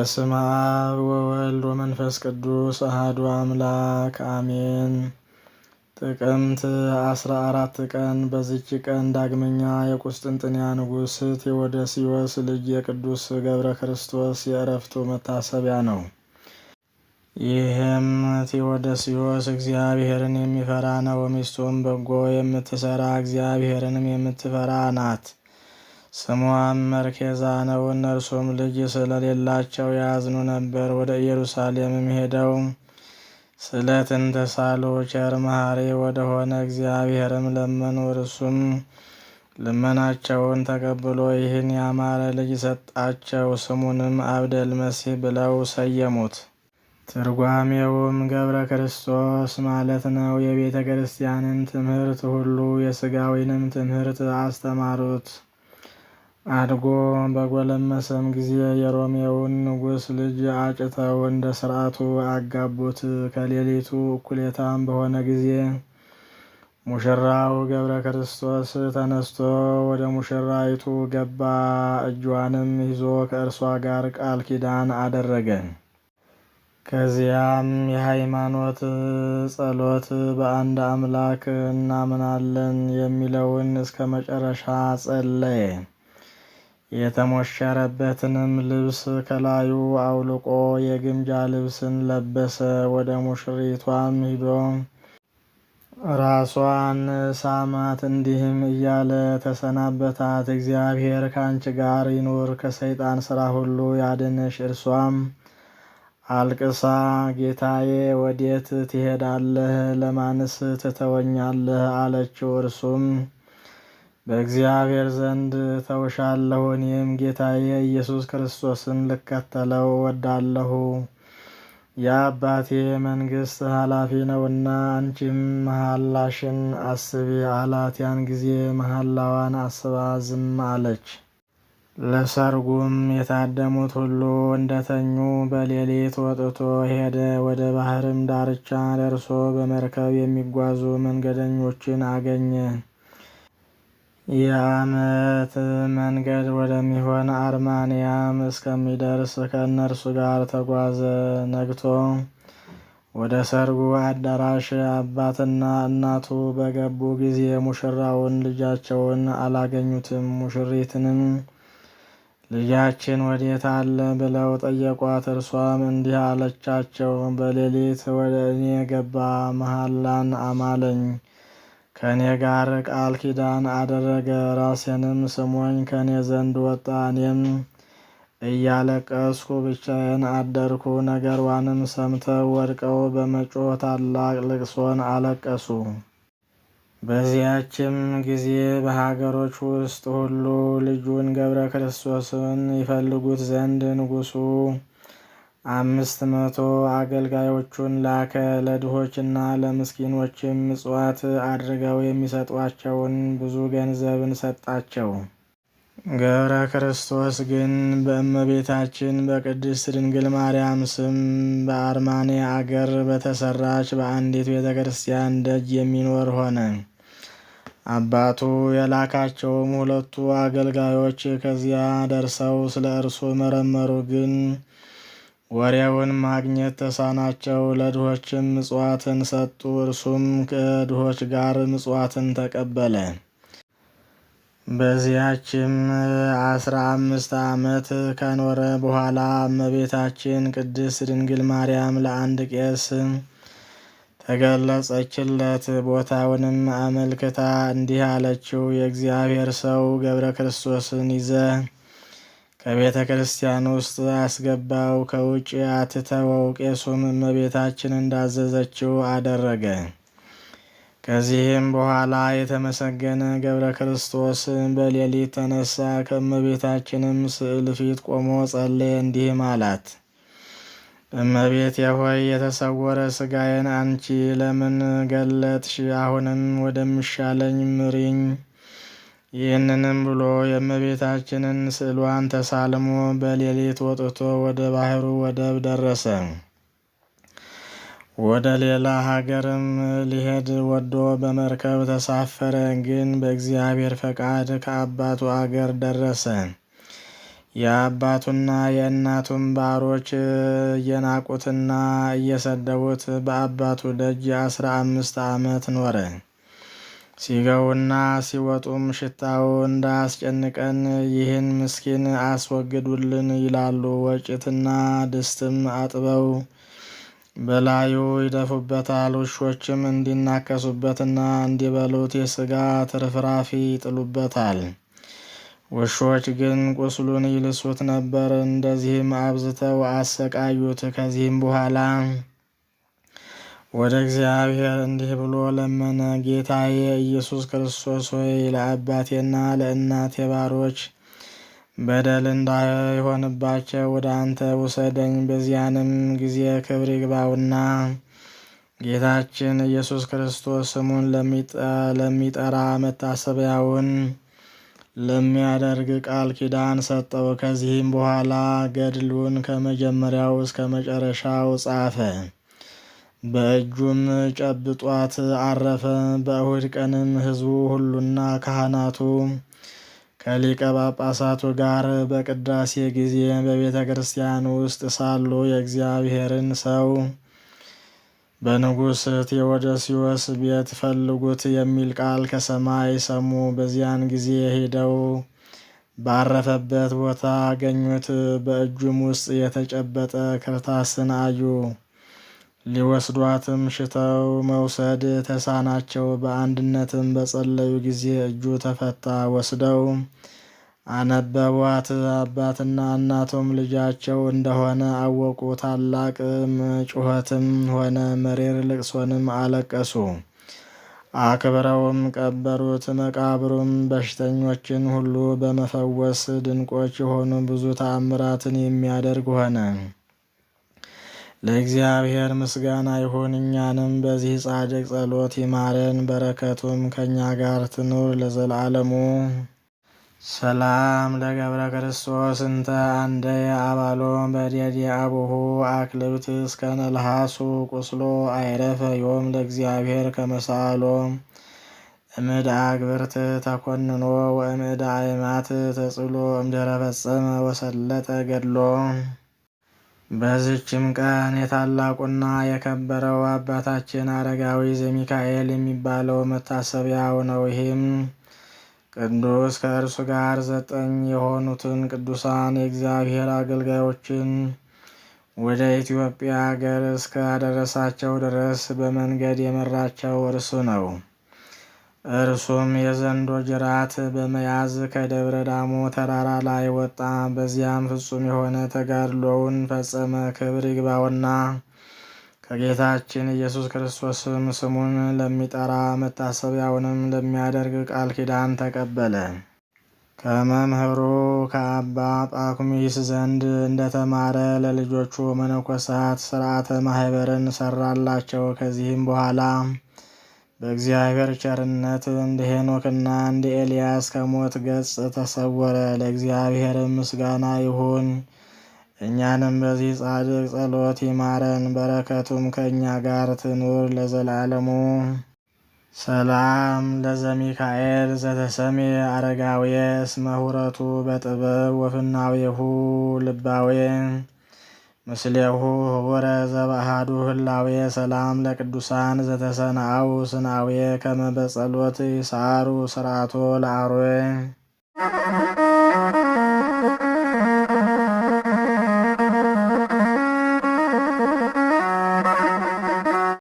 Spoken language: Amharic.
በስመ አብ ወወልድ ወመንፈስ ቅዱስ አህዱ አምላክ አሜን። ጥቅምት አስራ አራት ቀን በዚች ቀን ዳግመኛ የቁስጥንጥንያ ንጉሥ ቴዎደሲዮስ ልጅ የቅዱስ ገብረ ክርስቶስ የእረፍቱ መታሰቢያ ነው። ይህም ቴዎደሲዮስ እግዚአብሔርን የሚፈራ ነው። ሚስቱም በጎ የምትሰራ እግዚአብሔርንም የምትፈራ ናት። ስሟም መርኬዛ ነው። እነርሱም ልጅ ስለሌላቸው ያዝኑ ነበር። ወደ ኢየሩሳሌምም ሄደው ስለትን ተሳሉ። ቸር መሐሪ ወደሆነ እግዚአብሔርም ለመኑ። እርሱም ልመናቸውን ተቀብሎ ይህን ያማረ ልጅ ሰጣቸው። ስሙንም አብደል መሲህ ብለው ሰየሙት። ትርጓሜውም ገብረ ክርስቶስ ማለት ነው። የቤተ ክርስቲያንን ትምህርት ሁሉ የስጋዊንም ትምህርት አስተማሩት። አድጎ በጎለመሰም ጊዜ የሮሜውን ንጉሥ ልጅ አጭተው እንደ ሥርዓቱ አጋቡት። ከሌሊቱ እኩሌታም በሆነ ጊዜ ሙሽራው ገብረ ክርስቶስ ተነስቶ ወደ ሙሽራይቱ ገባ። እጇንም ይዞ ከእርሷ ጋር ቃል ኪዳን አደረገ። ከዚያም የሃይማኖት ጸሎት በአንድ አምላክ እናምናለን የሚለውን እስከ መጨረሻ ጸለየ። የተሞሸረበትንም ልብስ ከላዩ አውልቆ የግምጃ ልብስን ለበሰ። ወደ ሙሽሪቷም ሂዶ ራሷን ሳማት፣ እንዲህም እያለ ተሰናበታት። እግዚአብሔር ከአንቺ ጋር ይኑር፣ ከሰይጣን ስራ ሁሉ ያድንሽ። እርሷም አልቅሳ ጌታዬ ወዴት ትሄዳለህ? ለማንስ ትተወኛለህ? አለችው። እርሱም በእግዚአብሔር ዘንድ ተውሻለሁ። እኔም ጌታዬ ኢየሱስ ክርስቶስን ልከተለው ወዳለሁ። የአባቴ መንግሥት ኃላፊ ነውና አንቺም መሐላሽን አስቢ አላት። ያን ጊዜ መሐላዋን አስባ ዝም አለች። ለሰርጉም የታደሙት ሁሉ እንደተኙ በሌሊት ወጥቶ ሄደ። ወደ ባህርም ዳርቻ ደርሶ በመርከብ የሚጓዙ መንገደኞችን አገኘ። የዓመት መንገድ ወደሚሆን አርማንያም እስከሚደርስ ከእነርሱ ጋር ተጓዘ። ነግቶ ወደ ሰርጉ አዳራሽ አባትና እናቱ በገቡ ጊዜ ሙሽራውን ልጃቸውን አላገኙትም። ሙሽሪትንም ልጃችን ወዴት አለ ብለው ጠየቋት። እርሷም እንዲህ አለቻቸው፣ በሌሊት ወደ እኔ ገባ፣ መሐላን አማለኝ ከእኔ ጋር ቃል ኪዳን አደረገ። ራሴንም ስሞኝ ከእኔ ዘንድ ወጣ። እኔም እያለቀስኩ ብቻዬን አደርኩ። ነገሯንም ሰምተው ወድቀው በመጮህ ታላቅ ልቅሶን አለቀሱ። በዚያችም ጊዜ በሀገሮች ውስጥ ሁሉ ልጁን ገብረ ክርስቶስን ይፈልጉት ዘንድ ንጉሱ! አምስት መቶ አገልጋዮቹን ላከ። ለድሆችና ለምስኪኖችም ምጽዋት አድርገው የሚሰጧቸውን ብዙ ገንዘብን ሰጣቸው። ገብረ ክርስቶስ ግን በእመቤታችን በቅድስት ድንግል ማርያም ስም በአርማኔ አገር በተሰራች በአንዲት ቤተ ክርስቲያን ደጅ የሚኖር ሆነ። አባቱ የላካቸውም ሁለቱ አገልጋዮች ከዚያ ደርሰው ስለ እርሱ መረመሩ ግን ወሬውን ማግኘት ተሳናቸው። ለድሆችም ምጽዋትን ሰጡ። እርሱም ከድሆች ጋር ምጽዋትን ተቀበለ። በዚያችም አስራ አምስት ዓመት ከኖረ በኋላ እመቤታችን ቅድስት ድንግል ማርያም ለአንድ ቄስ ተገለጸችለት። ቦታውንም አመልክታ እንዲህ አለችው፣ የእግዚአብሔር ሰው ገብረ ክርስቶስን ይዘህ ከቤተ ክርስቲያን ውስጥ አስገባው፣ ከውጭ አትተወው። ቄሱም እመቤታችን እንዳዘዘችው አደረገ። ከዚህም በኋላ የተመሰገነ ገብረ ክርስቶስ በሌሊት ተነሳ። ከእመቤታችንም ስዕል ፊት ቆሞ ጸለየ፣ እንዲህም አላት። እመቤት የሆይ የተሰወረ ስጋዬን አንቺ ለምን ገለጥሽ? አሁንም ወደምሻለኝ ምሪኝ ይህንንም ብሎ የእመቤታችንን ስዕሏን ተሳልሞ በሌሊት ወጥቶ ወደ ባህሩ ወደብ ደረሰ። ወደ ሌላ ሀገርም ሊሄድ ወዶ በመርከብ ተሳፈረ። ግን በእግዚአብሔር ፈቃድ ከአባቱ አገር ደረሰ። የአባቱና የእናቱም ባሮች እየናቁትና እየሰደቡት በአባቱ ደጅ አስራ አምስት ዓመት ኖረ። ሲገቡና ሲወጡም ሽታው እንዳያስጨንቀን ይህን ምስኪን አስወግዱልን ይላሉ። ወጭትና ድስትም አጥበው በላዩ ይደፉበታል። ውሾችም እንዲናከሱበትና እንዲበሉት የስጋ ትርፍራፊ ይጥሉበታል። ውሾች ግን ቁስሉን ይልሱት ነበር። እንደዚህም አብዝተው አሰቃዩት። ከዚህም በኋላ ወደ እግዚአብሔር እንዲህ ብሎ ለመነ። ጌታዬ ኢየሱስ ክርስቶስ ሆይ ለአባቴና ለእናቴ ባሮች በደል እንዳይሆንባቸው ወደ አንተ ውሰደኝ። በዚያንም ጊዜ ክብር ይግባውና ጌታችን ኢየሱስ ክርስቶስ ስሙን ለሚጠራ መታሰቢያውን ለሚያደርግ ቃል ኪዳን ሰጠው። ከዚህም በኋላ ገድሉን ከመጀመሪያው እስከ መጨረሻው ጻፈ። በእጁም ጨብጧት አረፈ። በእሁድ ቀንም ሕዝቡ ሁሉና ካህናቱ ከሊቀ ጳጳሳቱ ጋር በቅዳሴ ጊዜ በቤተ ክርስቲያን ውስጥ ሳሉ የእግዚአብሔርን ሰው በንጉሥ ቴዎዶስዮስ ቤት ፈልጉት የሚል ቃል ከሰማይ ሰሙ። በዚያን ጊዜ ሄደው ባረፈበት ቦታ አገኙት። በእጁም ውስጥ የተጨበጠ ክርታስን አዩ። ሊወስዷትም ሽተው መውሰድ ተሳናቸው። በአንድነትም በጸለዩ ጊዜ እጁ ተፈታ። ወስደው አነበቧት። አባትና እናቱም ልጃቸው እንደሆነ አወቁ። ታላቅ ጩኸትም ሆነ፣ መሪር ልቅሶንም አለቀሱ። አክብረውም ቀበሩት። መቃብሩም በሽተኞችን ሁሉ በመፈወስ ድንቆች የሆኑ ብዙ ተአምራትን የሚያደርግ ሆነ። ለእግዚአብሔር ምስጋና ይሁን። እኛንም በዚህ ጻድቅ ጸሎት ይማረን፣ በረከቱም ከእኛ ጋር ትኑር ለዘላለሙ። ሰላም ለገብረ ክርስቶስ እንተ አንደየ አባሎ በዴድ አቡሁ እስከ ነልሃሱ ቁስሎ አይረፈ ዮም ለእግዚአብሔር ከመሳሎ እምድ አግብርት ተኮንኖ ወእምድ አይማት ተጽሎ እምድረ ወሰለጠ ገድሎ በዝችም ቀን የታላቁና የከበረው አባታችን አረጋዊ ዘሚካኤል የሚባለው መታሰቢያው ነው። ይህም ቅዱስ ከእርሱ ጋር ዘጠኝ የሆኑትን ቅዱሳን የእግዚአብሔር አገልጋዮችን ወደ ኢትዮጵያ አገር እስከ ድረስ በመንገድ የመራቸው እርሱ ነው። እርሱም የዘንዶ ጅራት በመያዝ ከደብረ ዳሞ ተራራ ላይ ወጣ። በዚያም ፍጹም የሆነ ተጋድሎውን ፈጸመ። ክብር ይግባውና ከጌታችን ኢየሱስ ክርስቶስም ስሙን ለሚጠራ መታሰቢያውንም ለሚያደርግ ቃል ኪዳን ተቀበለ። ከመምህሩ ከአባ ጳኩሚስ ዘንድ እንደተማረ ለልጆቹ መነኮሳት ስርዓተ ማህበርን ሰራላቸው። ከዚህም በኋላ በእግዚአብሔር ቸርነት እንደ ሄኖክና እንደ ኤልያስ ከሞት ገጽ ተሰወረ። ለእግዚአብሔር ምስጋና ይሁን። እኛንም በዚህ ጻድቅ ጸሎት ይማረን፣ በረከቱም ከእኛ ጋር ትኑር ለዘላለሙ። ሰላም ለዘሚካኤል ዘተሰሜ አረጋውየ እስመ ሁረቱ በጥበብ ወፍናዊሁ ልባዌ ምስሌሁ ህወረ ዘበአሃዱ ህላዌ ሰላም ለቅዱሳን ዘተሰናአው ስናዌ ከመበጸሎት ይሳሩ ስርዓቶ ለአሮየ